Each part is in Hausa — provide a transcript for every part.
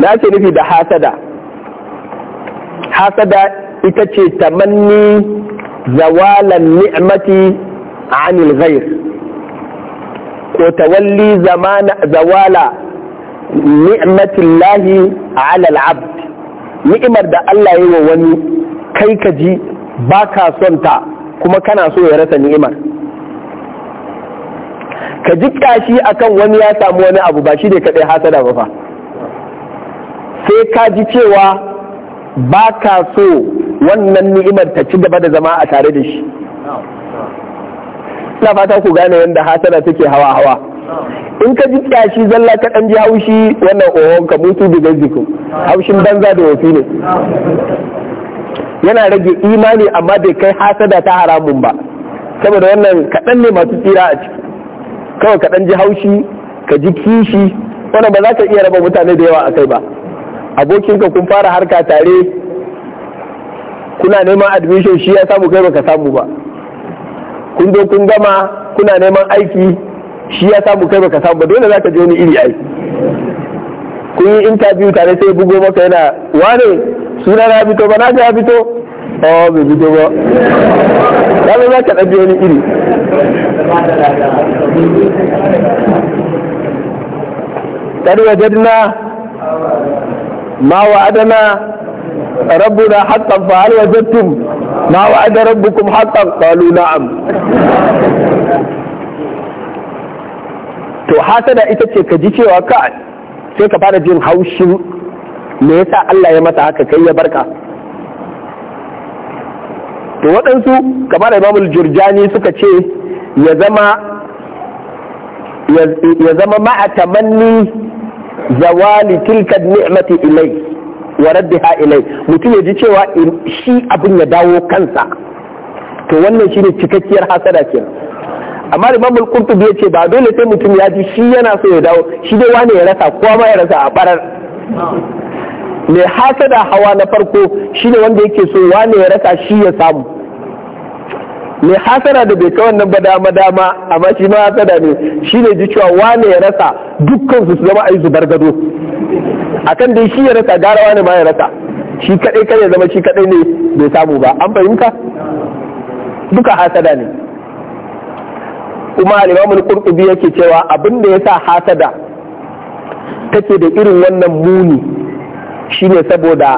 na ake nufi da hasada hasada ita ce tamanni zawalan ni'mati anil ghair ko tawalli zamana zawala ni'matillahi ala al'abd ni'imar da Allah yi wa wani kai ka ji ba ka son ta kuma kana so ya rasa ni'imar ka ji kashi akan wani ya samu wani abu ba shi ne kadai hasada ba fa sai ka ji cewa ba ka so wannan ni'imar ta ci gaba da zama a tare da shi ina fata ku gane yadda hasara take hawa hawa in ka ji kyashi zalla ka ɗan ji haushi wannan ohon ka mutu da gajiku haushin banza da wafi ne yana rage imani amma bai kai hasada ta haramun ba saboda wannan kaɗan ne masu tsira a ciki kawai kaɗan ji haushi ka ji kishi wannan ba za ka iya raba mutane da yawa a kai ba abokinka kun fara harka tare kuna neman admission shi ya samu kai baka samu ba kun zo kun gama kuna neman aiki shi ya samu kai baka samu ba dole za ka je wani iri aiki kun yi interview tare sai bugo maka yana wane suna na fito ba na ga ya fito oh bai fito ba wani za ka ɗaje wani iri da wajadna ما وعدنا ربنا حقا فهل وجدتم ما وعد ربكم حقا قالوا نعم to da ita ce ka ji cewa ka sai ka fara jin haushin me yasa Allah ya mata haka kai ya barka to waɗansu kamar imamul jurjani suka ce ya zama ya zama ma'a zawali tilka ni'mati ilai wa raddaha ilai mutum ya ji cewa shi abin ya dawo kansa to wannan shine cikakkiyar hasada kenan amma imam al-qurtubi ce ba dole sai mutum ya ji shi yana so ya dawo shi dai wani ya rasa kowa ma ya rasa a barar mai hasada hawa na farko shine wanda yake so wani ya rasa shi ya samu mai hasara da bai ta nan ba dama dama amma shi ma hasara ne shi ne ji cewa wane ya rasa dukkan su zama a yi zubar gado akan dai shi ya rasa gara wane ma ya rasa shi kadai kare zama shi kadai ne bai samu ba an fahimta duka hasada ne kuma al kurkubi yake cewa abin da ya sa hasada take da irin wannan muni shine saboda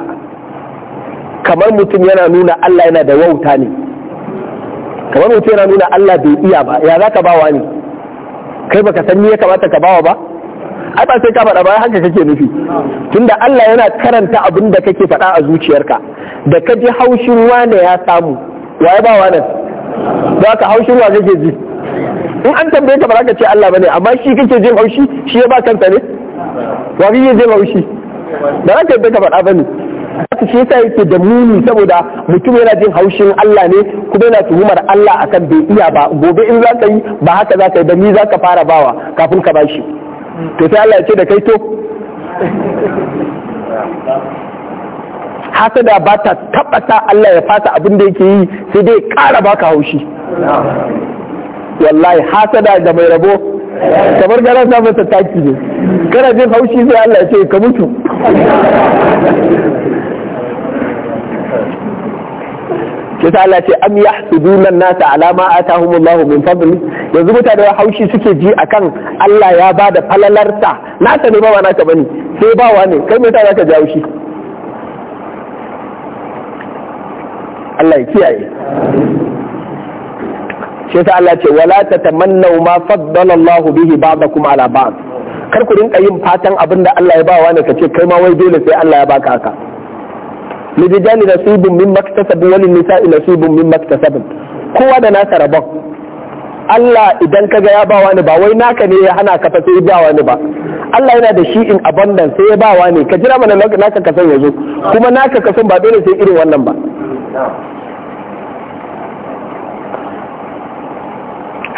kamar mutum yana nuna Allah yana da wauta ne kamar mutum yana nuna Allah bai iya ba ya za ka bawa ne kai baka san ya kamata ka bawa ba ai ba sai ka faɗa ba haka kake nufi tunda Allah yana karanta abin da kake faɗa a zuciyarka da ka ji haushin wane ya samu waye ba wane za ka haushin wa kake ji in an tambaye ka ba za ka ce Allah bane amma shi kake jin haushi shi ya ba kansa ne wa kake jin haushi ba za ka yi ka faɗa bane haka shi yasa yake da muni saboda mutum yana jin haushin Allah ne kuma yana tuhumar Allah akan bai iya ba gobe in za ka yi ba haka za ka yi ba ni za ka fara bawa kafin ka bashi to sai Allah ya ce da kai to hasada ba ta tabbata Allah ya fasa abin da yake yi sai dai ƙara baka haushi wallahi hasada da mai rabo kamar gara sa masa taki ne kana jin haushi sai Allah ya ce ka mutu kisa Allah ce am yahsuduna an-nasa ala ma atahumullahu min fadli yanzu mutane haushi suke ji akan Allah ya ba da falalarsa nasa ne ba wa naka bane sai bawa ne kai mai ta ka ji haushi Allah ya kiyaye shi yasa Allah ce wala ta tatamannaw ma faddala Allah bihi ba'dakum ala ba'd kar ku rinka yin fatan abinda Allah ya ba ne kace kai ma wai dole sai Allah ya baka haka lijani nasibun min maktasabu wal nisa'i nasibun min maktasabun kowa da nasa rabon Allah idan kaga ya ba ne ba wai naka ne ya hana ka sai ya ba ne ba Allah yana da shi in abundance sai ya ba ne ka jira mana naka kasan yazo kuma naka san ba dole sai irin wannan ba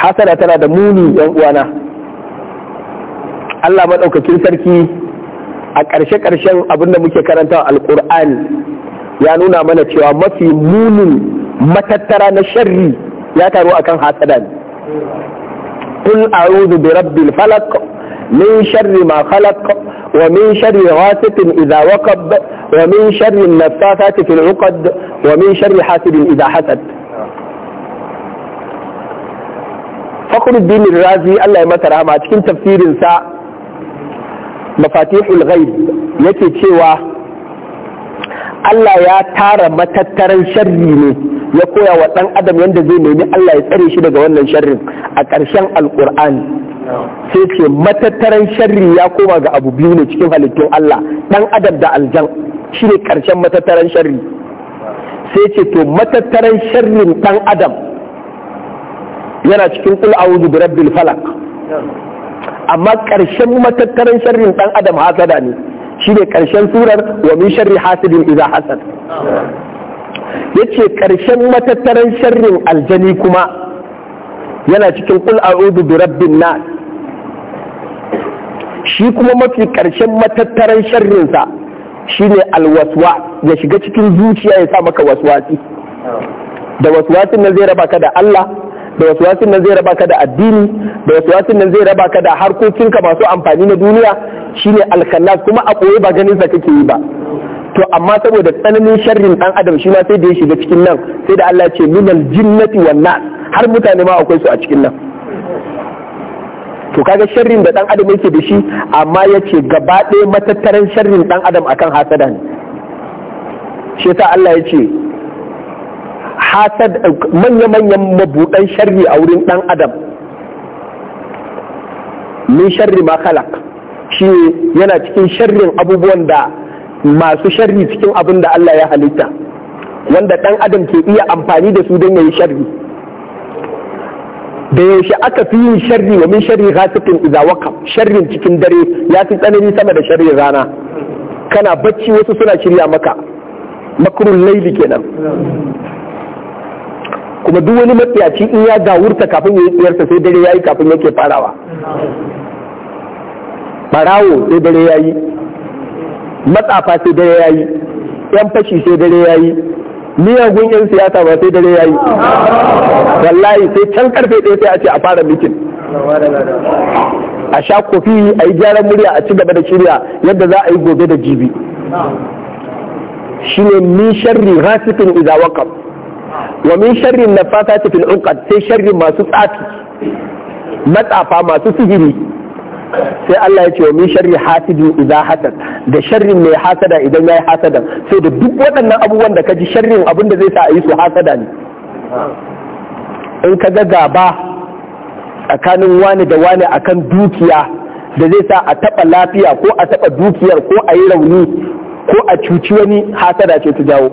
hasada tana da muni yan uwana Allah maɗaukakin sarki a ƙarshe-ƙarshen abinda muke karanta alƙur'ani ya nuna mana cewa mafi munin matattara na sharri ya taru akan hasada ne قل أعوذ برب الفلق من شر ما خلق ومن شر غاسق إذا وقب ومن nafathati fil 'uqad wa min sharri hasidin idha hasad fakhruddin razi Allah ya mata rahama cikin tafsirin sa mafatihul ghaib yake cewa Allah ya tara matattaran sharri ne ya koya wa ɗan adam yadda zai nemi Allah ya tsare shi daga wannan sharrin a ƙarshen alƙur'ani sai ce matattaran sharri ya koma ga abu biyu ne cikin halittun Allah ɗan adam da aljan shi ne ƙarshen matattaran sharri sai ce to matattaran sharrin ɗan adam yana cikin kul a'udhu bi rabbil falaq amma ƙarshen matattaran sharrin ɗan adam hasada ne shine ƙarshen surar wa min sharri hasidin idza hasad yace ƙarshen matattaran sharrin aljani kuma yana cikin kul a'udhu bi rabbin nas shi kuma mafi ƙarshen matattaran sharrinsa shine alwaswa ya shiga cikin zuciya ya sa maka waswasi da waswasin nan zai raba ka da Allah da wasu wasin nan zai raba ka da addini da wasu wasin nan zai raba ka da harkokinka masu amfani na duniya shine alkhallas kuma a koyi ba ganin sa kake yi ba to amma saboda tsananin sharrin dan adam shi ma sai da ya shiga cikin nan sai da Allah ce minal jinnati wan nas har mutane ma akwai su a cikin nan to kaga sharrin da dan adam yake da shi amma yace gaba ɗaya matattaran sharrin dan adam akan hasada ne shi yasa Allah ya ce. hasad manya-manyan mabuɗan sharri a wurin ɗan adam min sharri ma khalaq shi yana cikin sharrin abubuwan da masu sharri cikin abin da Allah ya halitta wanda ɗan adam ke iya amfani da su don yayi sharri da yaushe aka fi yin sharri wa min sharri ghasiqin idza waqab sharrin cikin dare ya fi tsanani sama da sharrin rana kana bacci wasu suna shirya maka makrul laili kenan kuma duk wani matsiyaci in ya gawurta kafin ya yi tsiyarsa sai dare ya yi kafin yake farawa barawo sai dare ya yi matsafa sai dare ya yi yan fashi sai dare ya yi miyagun yan siyasa ba sai dare ya yi wallahi sai can karfe ɗaya sai a ce a fara mitin a sha kofi a yi gyaran murya a ci gaba da shirya yadda za a yi gobe da jibi shine min sharri rasikin izawakar wa min sharrin nafasati fil uqad sai sharri masu tsafi matsafa masu sihiri sai Allah ya ce wa min sharri hasidin idza hasad da sharrin mai hasada idan yayi hasada sai da duk waɗannan abubuwan da ka ji sharrin abin da zai sa a yi su hasada ne in ka ga gaba tsakanin wani da wani akan dukiya da zai sa a taɓa lafiya ko a taɓa dukiyar ko a yi rauni ko a cuci wani hasada ce ta jawo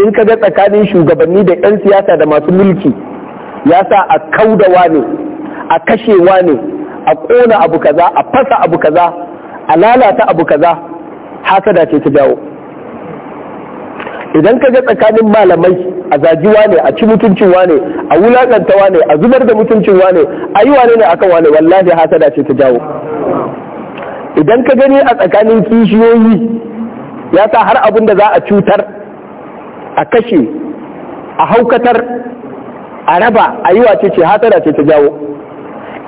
in ka ga tsakanin shugabanni da 'yan siyasa da masu mulki ya sa a kaudawa ne a kashewa ne a ƙona abu kaza a fasa abu kaza a lalata abu kaza da ce ta jawo idan ka ga tsakanin malamai a zagi ne a ci mutuncinwa ne a wulakantawa ne a zubar da mutuncinwa ne a yi wane ne a kan wane wallahi hasada ce ta jawo idan ka gani a tsakanin kishiyoyi ya sa har abin da za a cutar a kashe a haukatar a raba a yi wace ce ce ta jawo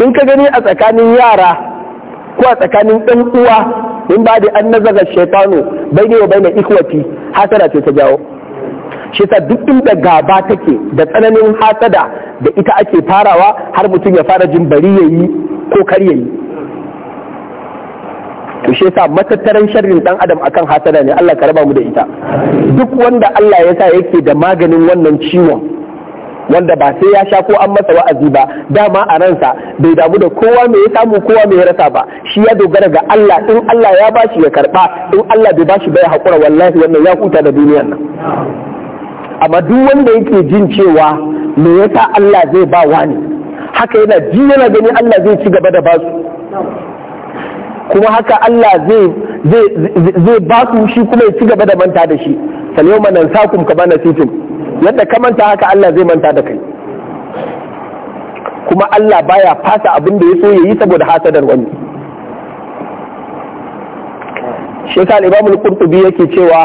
in ka gani a tsakanin yara ko a tsakanin ɗan uwa in ba da an nazaga shaitanu bai ne bai na ikwati hasara ce ta jawo shi ta duk inda gaba take da tsananin hasada da ita ake farawa har mutum ya fara jin bari yayi ko kar yayi to shi yasa matattaran sharrin dan adam akan hasada ne Allah ka raba mu da ita duk wanda Allah ya sa yake da maganin wannan ciwon wanda ba sai ya sha ko an masa wa'azi ba dama a ransa bai damu da kowa mai ya samu kowa mai ya rasa ba shi ya dogara ga Allah in Allah ya bashi ya karba in Allah bai bashi ba ya hakura wallahi wannan ya huta da duniyar nan amma duk wanda yake jin cewa me yasa Allah zai ba wani haka yana ji yana gani Allah zai ci gaba da basu kuma haka Allah zai ba su shi kuma ya ci gaba da manta da shi falyau manan sakum ka bana titin yadda ka manta haka Allah zai manta da kai kuma Allah baya fasa abin da ya so ya yi saboda hasadar wani shi yasa al-Imam qurtubi yake cewa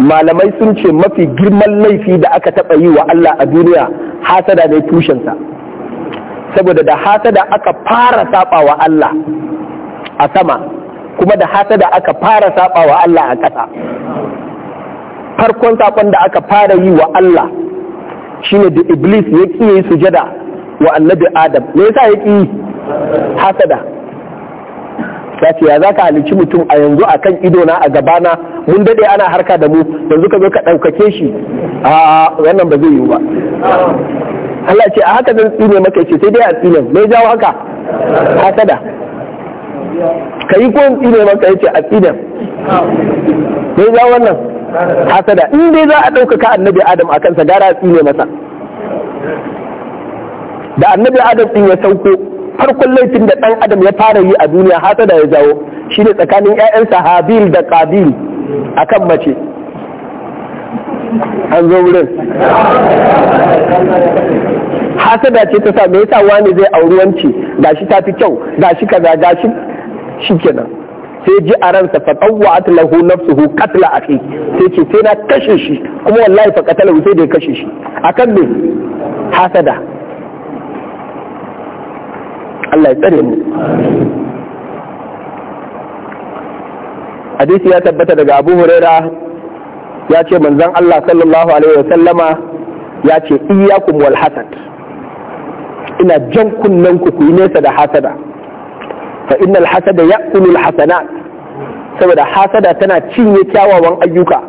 malamai sun ce mafi girman laifi da aka taɓa yi wa Allah a duniya hasada ne tushensa saboda da hasada aka fara saɓa Allah a sama kuma da hasada aka fara saba wa Allah a ƙasa farkon saƙon da aka fara yi wa Allah shi ne da iblis ya kiye sujada wa annabi adam me yasa ya ki hasada ya ce ya zaka halici mutum a yanzu a kan idona a gabana mun daɗe ana harka da mu yanzu ka zo ka ɗaukake shi a wannan ba zai yi ba Allah ce a haka zan tsine maka ce sai dai a tsine me jawo haka hasada ka yi ko tsine maka ce a tsine me za wannan hasada in dai za a ɗaukaka annabi adam a kansa gara a tsine masa da annabi adam ɗin ya sauko farkon laifin da ɗan adam ya fara yi a duniya hasada ya jawo ne tsakanin 'ya'yansa habil da qabil kan mace an zo wurin hasada ce ta sa me yasa wani zai auri wanci gashi ta fi kyau gashi kaza gashi shikenan sai ji a ransa fa tawwa'at lahu nafsuhu qatla akhi sai ce sai na kashe shi kuma wallahi fa qatalahu sai da ya kashe shi akan me hasada Allah ya tsare mu hadisi ya tabbata daga Abu Huraira ya ce manzon Allah sallallahu alaihi wa sallama ya ce iyyakum wal hasad ina jan kunnen ku ku yi nesa da hasada fa innal hasada ya'kulu al saboda hasada tana cinye kyawawan ayyuka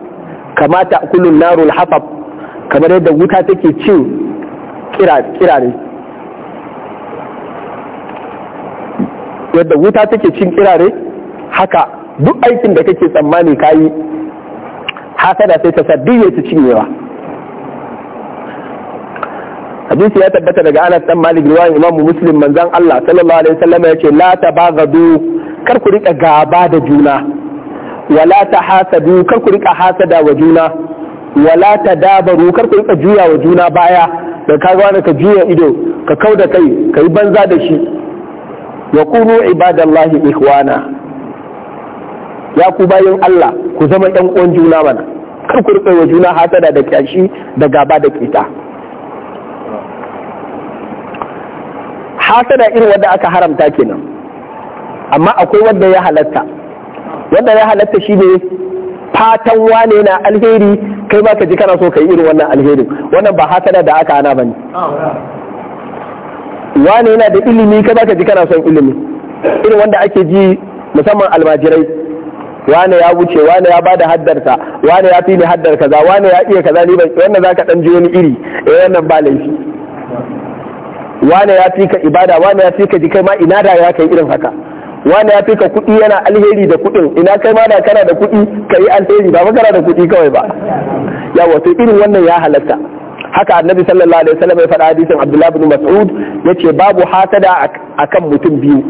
kama ta'kulu narul hafab kamar yadda wuta take cin kirare yadda wuta take cin ne haka duk aikin da kake tsammani kayi hasada sai ta sabbiye ta cinyewa hadisi ya tabbata daga Anas dan Malik riwayan Imam Muslim manzon Allah sallallahu alaihi wasallam yace la tabaghadu kar ku rika gaba da juna wala tahasadu kar ku rika hasada wa juna wala tadabaru kar ku rika juya wa juna baya da ka ga ka juya ido ka kau da kai ka yi banza da shi wa kunu ibadallahi ikhwana ya ku bayin Allah ku zama ɗan uwan juna mana kar ku rika wa juna hasada da kyashi da gaba da kita hasada irin wadda aka haramta kenan amma akwai wadda ya halatta wadda ya halatta shi ne fatan wane na alheri kai ba ka ji kana so ka yi irin wannan alherin wannan ba hasada da aka ana ba ne wane yana da ilimi kai ba ka ji kana son ilimi irin wanda ake ji musamman almajirai wane ya wuce wane ya bada haddarsa wane ya fi ni haddar kaza wane ya iya kaza ni ban wannan zaka dan ji wani iri eh wannan ba laifi wane ya fi ka ibada wane ya fi ka jikai ma ina da ya kai irin haka wane ya fi ka kuɗi yana alheri da kuɗin ina kai ma da kana da kuɗi ka yi alheri ba kana da kuɗi kawai ba ya wato irin wannan ya halatta haka annabi sallallahu alaihi wasallam ya faɗa hadisin abdullahi bin mas'ud yace babu hasada akan mutum biyu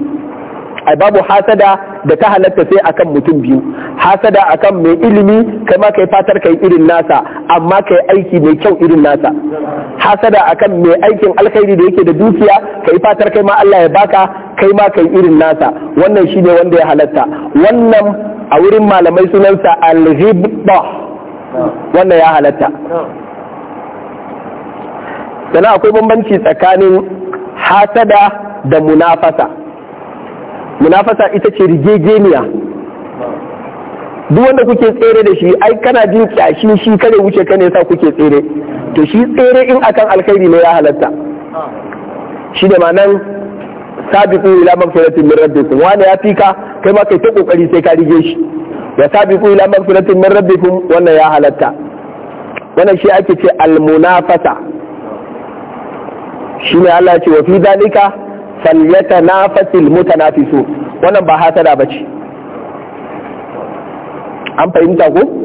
ai babu hasada da ta halatta sai akan mutum biyu hasada akan mai ilimi kai ma kai fatar kai irin nasa amma kai aiki mai kyau irin nasa hasada akan mai aikin alkhairi da yake da dukiya kai fatar kai ma Allah ya baka kai ma kai irin nasa wannan shine wanda ya halatta wannan a wurin malamai sunansa al-ghibba wannan ya halatta sannan akwai bambanci tsakanin hasada da munafasa munafasa ita ce rigegeniya duk wanda kuke tsere da shi ai kana jin kyashi shi kare wuce ka ne sa kuke tsere to shi tsere in akan alkhairi ne ya halatta shi da manan sabiqu ila magfiratin min rabbikum wani ya fika kai ma kai ta kokari sai ka rige shi ya sabiqu ila magfiratin min rabbikum wannan ya halatta wannan shi ake ce almunafasa shi ne Allah ce wa fi dalika falyata na fasil na mutanafisu wannan ba hasada ba ce an fahimta ko